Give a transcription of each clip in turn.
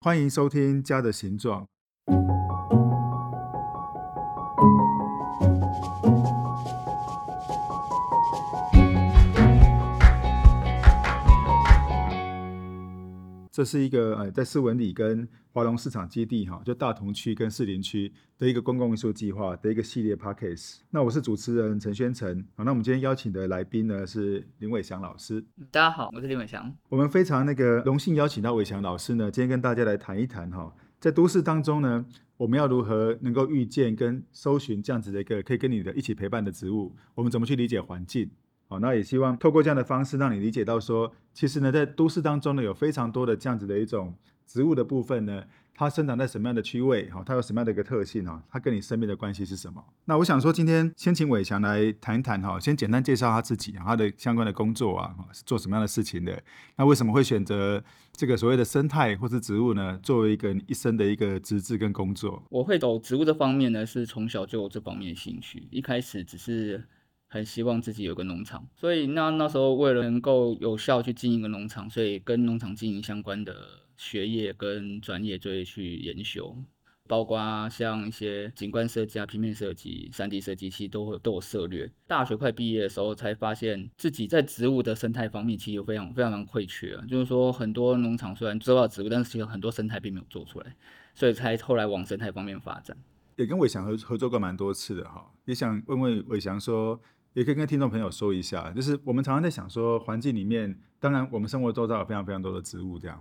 歡迎收聽《家的形狀》。這是一個呃，在斯文里跟華榮市場基地哈，就大同區跟士林區的一個公共藝術計劃的一個系列 Podcast。那我是主持人陳宣誠，好，那我們今天邀請的來賓呢是林暐翔老師。大家好，我是林暐翔。我們非常那個榮幸邀請到暐翔老師呢，今天跟大家來談一談哈，在都市當中呢，我們要如何能夠遇見跟搜尋這樣子的一個可以跟你的一起陪伴的植物，我們怎麼去理解環境？哦，那也希望透過這樣的方式，讓你理解到說，其實呢，在都市當中呢，有非常多的這樣子的一種植物的部分呢，它生長在什麼樣的區位？哈、哦，它有什麼樣的一個特性？哦，它跟你生命的關係是什麼？那我想說，今天先請暐翔來談一談哈，先簡單介紹他自己，他的相關的工作啊，是做什麼樣的事情的？那為什麼會選擇這個所謂的生態或是植物呢？作為一個你一生的一個職志跟工作？我會走植物這方面呢，是從小就有這方面興趣，一開始只是。很希望自己有個農場，所以那那時候為了能夠有效去經營個農場，所以跟農場經營相關的學業跟專業就會去研修，包括像一些景觀設計啊、平面設計、三 D 設計，其實都會都有涉獵。大學快畢業的時候才發現自己在植物的生態方面其實非常非常非常欠缺啊，就是說很多農場雖然種到植物，但是其實很多生態並沒有做出來，所以才後來往生態方面發展。也跟暐翔合合作過蠻多次的哈，也想問問暐翔說。也可以跟聽眾朋友說一下，就是我們常常在想說，環境裡面，當然我們生活周遭有非常非常多的植物這樣。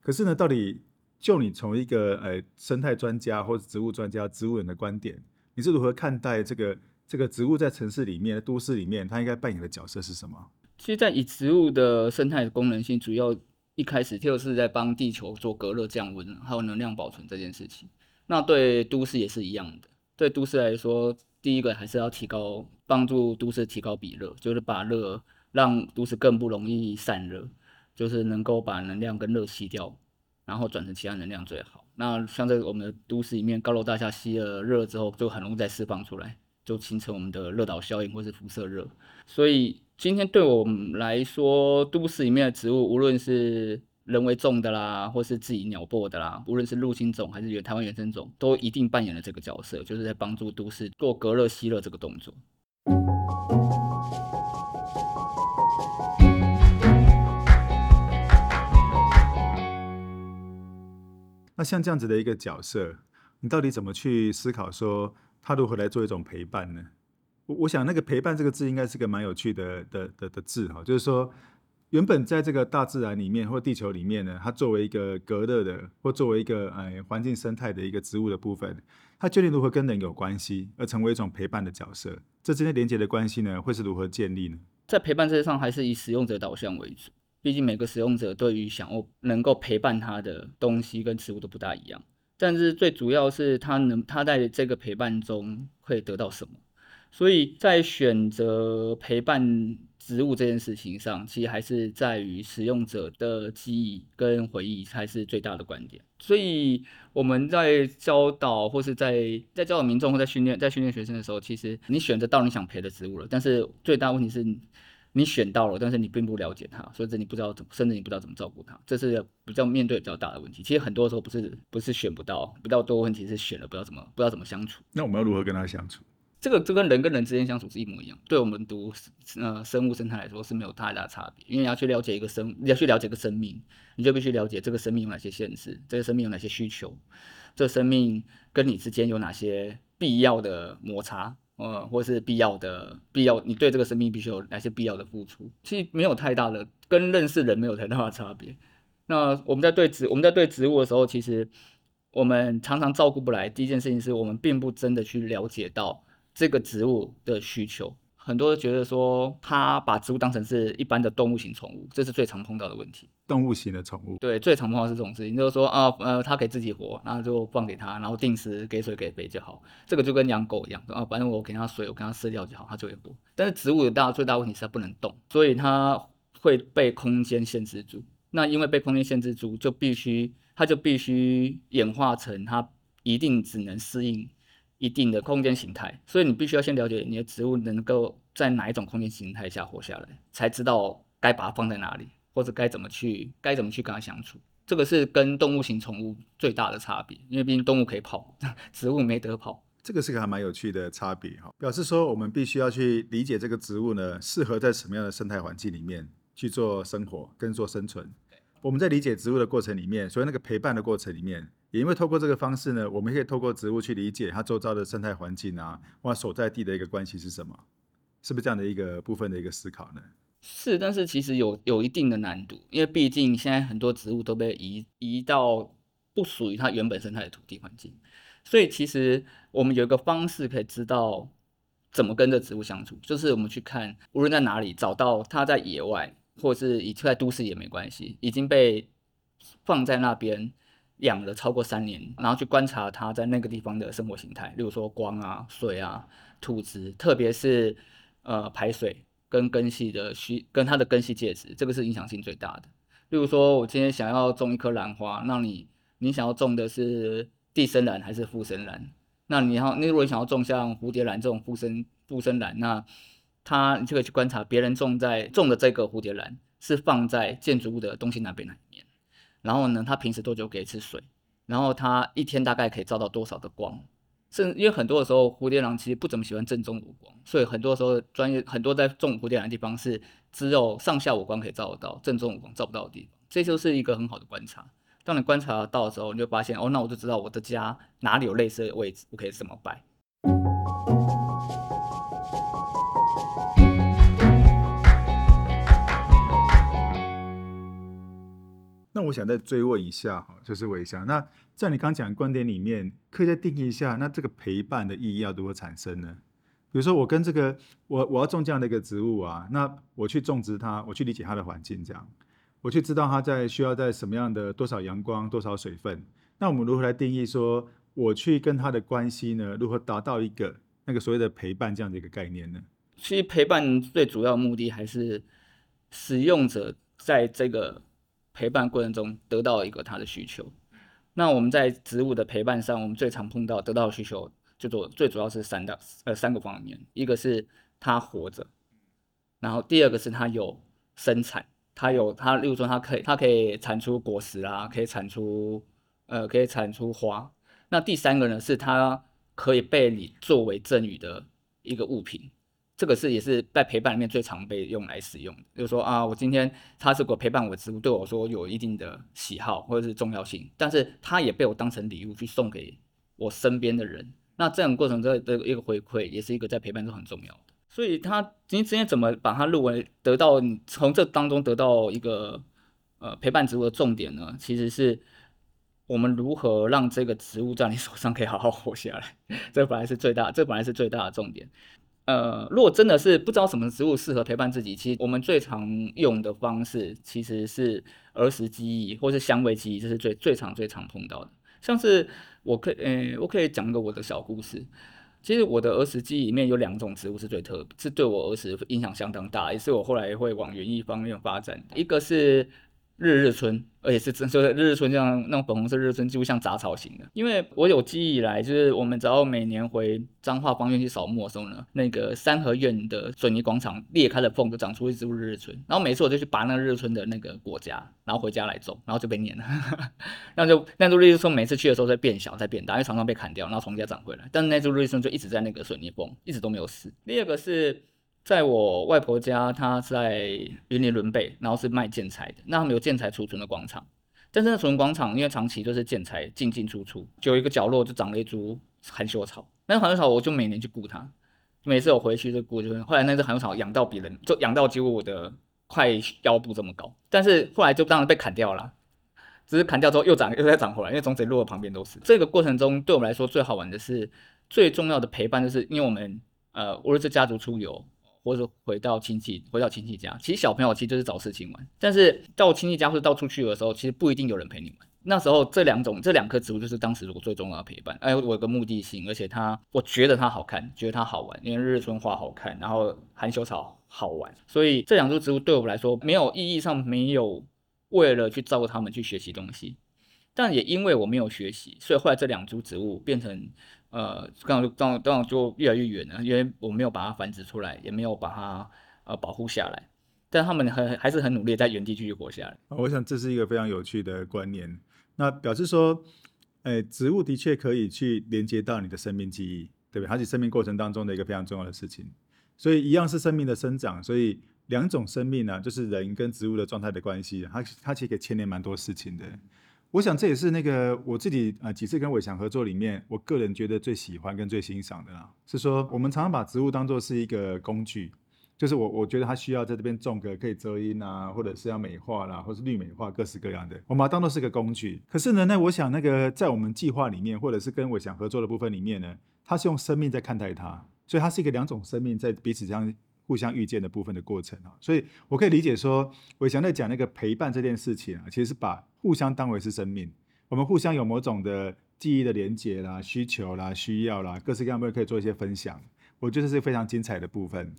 可是呢，到底就你從一個呃、哎、生態專家或者植物專家、植物人的觀點，你是如何看待這個這個植物在城市裡面、都市裡面它應該扮演的角色是什麼？其實，在以植物的生態的功能性，主要一開始就是在幫地球做隔熱、降溫，還有能量保存這件事情。那對都市也是一樣的。對都市來說，第一個還是要提高，幫助都市提高比熱，就是把熱讓都市更不容易散熱，就是能夠把能量跟熱吸掉，然後轉成其他能量最好。那像在我們的都市裡面，高樓大廈吸了熱之後，就很容易再釋放出來，就形成我們的熱島效應或是輻射熱。所以今天對我們來說，都市裡面的植物，無論是人為種的啦，或是自己鳥播的啦，無論是入侵種還是台灣原生種，都一定扮演了這個角色，就是在幫助都市做隔熱吸熱這個動作。那像這樣子的一個角色，你到底怎麼去思考說他如何來做一種陪伴呢？我我想那個陪伴這個字應該是個蠻有趣的的的的的字哈，就是說。原本在這個大自然裡面或地球裡面呢，它作為一個隔熱的，或作為一個哎環境生態的一個植物的部分，它究竟如何跟人有關係，而成為一種陪伴的角色？這之間連結的關係呢，會是如何建立呢？在陪伴這些上，還是以使用者導向為主。畢竟每個使用者對於想要能夠陪伴他的東西跟植物都不大一樣。但是最主要是他能他在這個陪伴中會得到什麼？所以在選擇陪伴。植物這件事情上，其實還是在於使用者的記憶跟回憶才是最大的關鍵。所以我們在教導或是在在教導民眾或在訓練在訓練學生的時候，其實你選擇到你想陪的植物了，但是最大問題是，你選到了，但是你並不了解它，所以你不知道怎麼，甚至你不知道怎麼照顧它，這是比較面對比較大的問題。其實很多時候不是不是選不到，比較多問題是選了不知道怎麼不知道怎麼相處。那我們要如何跟他相處？這個就跟、這個、人跟人之間相處是一模一樣，對我們讀呃生物生態來說是沒有太大差別。因為你要去了解一個生，你要去了解一個生命，你就必須了解這個生命有哪些限制，這個生命有哪些需求，這個、生命跟你之間有哪些必要的摩擦，呃，或是必要的必要，你對這個生命必須有哪些必要的付出。其實沒有太大的跟認識人沒有太大的差別。那我們在對植我們在對植物的時候，其實我們常常照顧不來。第一件事情是我們並不真的去了解到。這個植物的需求，很多人覺得說他把植物當成是一般的動物型寵物，這是最常碰到的問題。動物型的寵物，對，最常碰到的是這種事情，就是說啊，呃，它給自己活，然後就放給他，然後定時給水給肥就好。這個就跟養狗一樣，啊，反正我給它水，我給它飼料就好，它就會活。但是植物的大最大問題是它不能動，所以它會被空間限制住。那因為被空間限制住，就必須它就必須演化成它一定只能適應。一定的空間形態，所以你必須要先了解你的植物能夠在哪一種空間形態下活下來，才知道該把它放在哪裡，或者該怎麼去該怎麼去跟它相處。這個是跟動物型寵物最大的差別，因為畢竟動物可以跑，植物沒得跑。這個是個還蠻有趣的差別哈，表示說我們必須要去理解這個植物呢，適合在什麼樣的生態環境裡面去做生活跟做生存。對，我們在理解植物的過程裡面，所以那個陪伴的過程裡面。也因為透過這個方式呢，我們可以透過植物去理解它周遭的生態環境啊，或所在地的一個關係是什麼，是不是這樣的一個部分的一個思考呢？是，但是其實有有一定的難度，因為畢竟現在很多植物都被移移到不屬於它原本生態的土地環境，所以其實我們有一個方式可以知道怎麼跟這植物相處，就是我們去看無論在哪裡找到它在野外，或是已經在都市也沒關係，已經被放在那邊，養了超過三年，然後去觀察它在那個地方的生活形態，例如說光啊、水啊、土質，特別是呃排水跟根系的需跟它的根系介質，這個是影響性最大的。例如說，我今天想要種一棵蘭花，那你你想要種的是地生蘭還是附生蘭？那你要，你如果你想要種像蝴蝶蘭這種附生附生蘭，那它你就可以去觀察別人種在種的這個蝴蝶蘭是放在建築物的東西南北哪一面？然後呢，它平時多久給一次水？然後它一天大概可以照到多少的光？甚因為很多的時候，蝴蝶蘭其實不怎麼喜歡正中午光，所以很多時候，專業很多在種蝴蝶蘭的地方是只有上下午光可以照得到，正中午光照不到的地方。這就是一個很好的觀察。當你觀察到的時候，你就發現哦，那我就知道我的家哪裡有類似的位置，我可以怎麼擺。那我想再追問一下哈，就是我想，那在你剛講的觀點裡面，可以再定義一下，那這個陪伴的意義要如何產生呢？比如說我跟這個我我要種這樣的一個植物啊，那我去種植它，我去理解它的環境，這樣我去知道它在需要在什麼樣的，多少陽光，多少水分。那我們如何來定義說我去跟它的關係呢？如何達到一個那個所謂的陪伴這樣的一個概念呢？其實陪伴最主要的目的還是使用者在這個。陪伴過程中得到一個他的需求。那我們在植物的陪伴上，我們最常碰到、得到需求，就做最主要是三大呃三個方面，一個是他活着，然後第二個是他有生產，他有他，例如說他可以他可以產出果實啊，可以產出呃可以產出花，那第三個呢是他可以被你作為贈予的一個物品。這個是也是在陪伴裡面最常被用來使用的。就是說啊，我今天他如果陪伴我，植物對我說有一定的喜好或者是重要性，但是他也被我當成禮物去送給我身邊的人，那這樣過程中的一個回饋也是一個在陪伴中很重要的。所以他，你今天怎麼把它入圍得到，你從這當中得到一個呃陪伴植物的重點呢？其實是我們如何讓這個植物在你手上可以好好活下來，這本來是最大，這本來是最大的重點。呃，如果真的是不知道什麼植物適合陪伴自己，其實我們最常用的方式其實是兒時記憶，或是香味記憶，這是最最常最常碰到的。像是我可以，呃、欸，我可以講一個我的小故事。其實我的兒時記憶裡面有兩種植物是最特別，是對我兒時影響相當大，也是我後來會往園藝方面發展的。一個是。日日春，而且是真就是日日春就像那種粉紅色日日春，幾乎像雜草型的。因為我有記憶以來，就是我們只要每年回彰化芳苑去掃墓的時候呢，那個三合院的水泥廣場裂開了縫，就長出一株日日春。然後每次我就去拔那日日春的那個果莢，然後回家來種，然後就被滅了。 那就那株日日春每次去的時候在變小，再變大，因為常常被砍掉，然後重新再長回來，但是那株日日春就一直在那個水泥縫，一直都沒有死。第二個是。在我外婆家，她是在雲林崙背，然後是賣建材的。那他們有建材儲存的廣場，但是那儲存廣場因為長期都是建材進進出出，就有一個角落就長了一株含羞草。那含羞草我就每年去顧它，每次我回去就顧就是。後來那只含羞草養到別人，就養到幾乎我的快腰部這麼高。但是後來就當然被砍掉了，只是砍掉之後又長，又再長回來，因為種子落在旁邊都是。這個過程中，對我們來說最好玩的是最重要的陪伴，就是因為我們呃無論是家族出遊。或者回到親戚，回到親戚家，其實小朋友其實就是找事情玩。但是到親戚家或者到處去的時候，其實不一定有人陪你玩。那時候這兩種這兩棵植物就是當時我最重要的陪伴。哎，我有個目的性，而且它我覺得它好看，覺得它好玩，因為日日春花好看，然後含羞草好玩。所以這兩株植物對我來說沒有意義上，沒有為了去照顧它們去學習東西。但也因為我沒有學習，所以後來這兩株植物變成。呃，剛好就剛好就越來越遠了，因為我沒有把它繁殖出來，也沒有把它呃保護下來。但他們很還是很努力在原地繼續活下來。哦。我想這是一個非常有趣的觀念，那表示說，哎、欸，植物的確可以去連接到你的生命記憶，對不對？它是生命過程當中的一個非常重要的事情。所以一樣是生命的生長，所以兩種生命呢、啊，就是人跟植物的狀態的關係，它它其實可以牽連蠻多事情的。我想這也是那個我自己啊、呃、幾次跟暐翔合作裡面，我個人覺得最喜歡跟最欣賞的啊，是說我們常常把植物當做是一個工具，就是我我覺得它需要在這邊種個可以遮陰啊，或者是要美化啦，或是綠美化各式各樣的，我們把它當做是個工具。可是呢，那我想那個在我們計劃裡面，或者是跟暐翔合作的部分裡面呢，它是用生命在看待它，所以它是一個兩種生命在彼此這樣互相遇見的部分的過程啊，所以我可以理解說，暐翔在講那個陪伴這件事情啊，其實是把互相當為是生命，我們互相有某種的記憶的連接啦、需求啦、需要啦，各式各樣的可以做一些分享，我覺得這是非常精彩的部分。